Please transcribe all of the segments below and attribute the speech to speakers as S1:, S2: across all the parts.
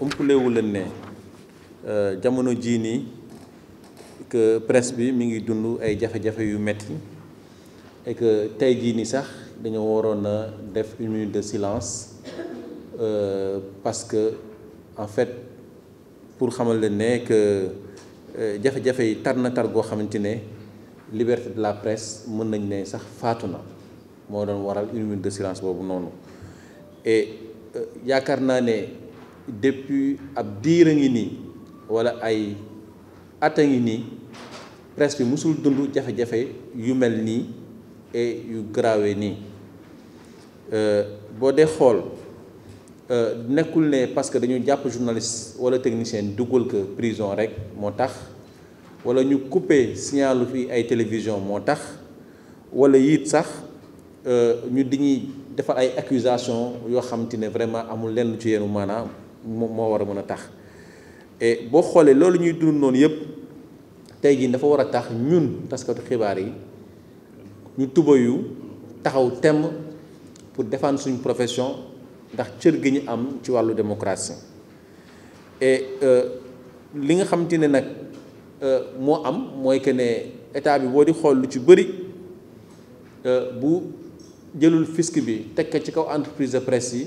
S1: umpalewu leen ne euh, jamono jini que presse bi mi ngi dundou ay jafé jafé yu metti et que tey Jini sax dañoo worona def une minute de silence euh, parce que en fait pour xamal que jafé euh, jafé yi tar na tar goo xamante liberté de la presse mën nañ né sax fatuna na waral une minute de silence bobu nonou et euh, yaakaar naa ne depuis ab diir a ngi nii presque ay at a ngi musul yu mel et yu Euh, nii boo dee xool euh, nekkul ne parce que dañu jàpp journaliste walla technicien duggal ko prison rek moo tax walla ñu couper signalu fi ay télévision moo tax walla yit sax euh, ñu diñuy defar ay accusations yoo xam vraiment amul lenn ci yenu manam mo moo war a mën a tax et boo xoolee loolu ñuy dund noonu yëpp tey jii dafa war a tax ñun taskatu xibaar yi ñu tubayu taxaw temm pour défendre suñu profession ndax cër gi ñu am ci wàllu démocratie et euh, li nga xamante ne nag euh, moo am mooy que ne état bi boo di xool lu ci bëri euh, bu jëlul fisc bi teg ci kaw entreprise de presse yi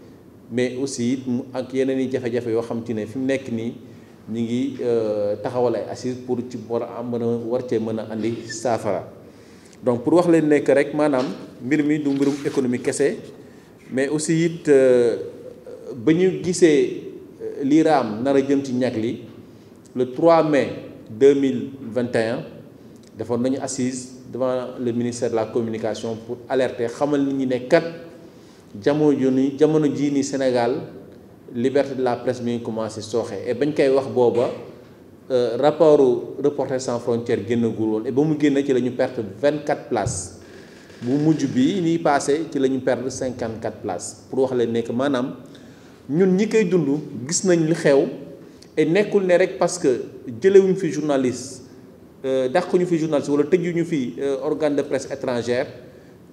S1: mais aussi ak yeneen i jafé jafe yoo xam te ne ni mu nekk nii ngi euh, taxawal ay pour ci bor a mën a war cee andi safara donc pour wax leen nek rek manam mbir mi du mbirum économique kessé mais aussi it euh, ba ñu gisee euh, lii raam jëm ci ñak li le 3 mai 2021 defon nañu assise devant le ministère de la communication pour alerter xamal nit ñi ne kat jamono ju ni jamono jii Sénégal liberté de la presse mi commencé soxé et bagn kay wax booba euh, rapport Reporters sans frontières génnagul woon et ba mu ci lañu ñu perte vingt quatre places bu mujj bi ni passé ci lañu ñu perte cinquante quatre places pour wax leen nek manam ñun ñi kay dund gis nañ li xew et nekul né rek parce que jëlewuñu fi journaliste euh, dàquñu fi journaliste wala tëjuñu fi euh, organe de presse étrangère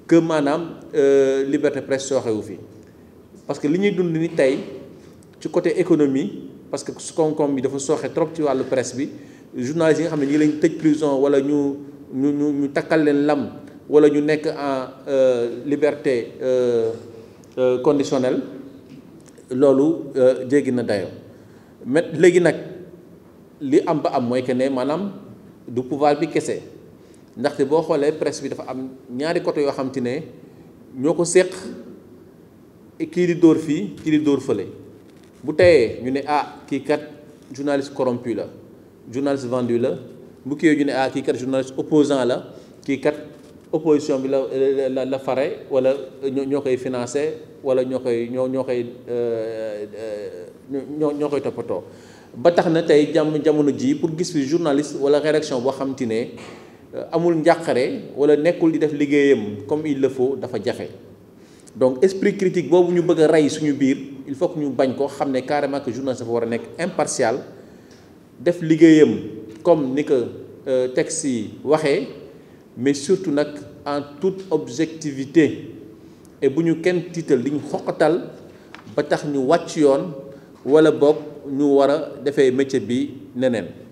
S1: que euh, liberté presse sooxewu fi parce que li ñuy dund ni tay ci côté économie parce que su koom-koom bi dafa soxé trop ci walu presse bi journalistes yi nga xam ne ñi lañ tëj prison wala ñu ñu ñu ñu takal leen lam wala ñu nekk en euh, liberté euh, euh, conditionnelle loolu jéggi na dayo mais légui nak li am ba am moy que né manam du pouvoir bi kessé ndax ndaxte boo xoolee presse bi dafa am ñaari côté yoo xam te ne ñoo ko séq kii di dóor fii kii di dóor fële bu teyee ñu ne ah kii kat journaliste corrompu la journaliste vendu la bu kiiwee ñu ne ah kii kat journaliste opposant la kii kat opposition bi la la la fare wala ñoo koy financé wala ñoo koy ñoo ñoo koy euh, euh, ñoo ñoo koy toppatoo ba tax na tey jàmm jamono ji pour gis fi journaliste wala rédaction boo xam te ne euh, amul njaqare wala nekkul di def liggéeyam comme il le faut dafa jafe donc esprit critique bobu ñu bëgg a suñu biir il faut que ñu bañ ko xamné carrément que journaliste dafa wara nekk impartial def liggéeyam comme ni que euh, texte yi mais surtout nak en toute objectivité et buñu ñu kenn tiital di ñu ba tax ñu wacc yoon wala bok ñu wara a métier bi nenene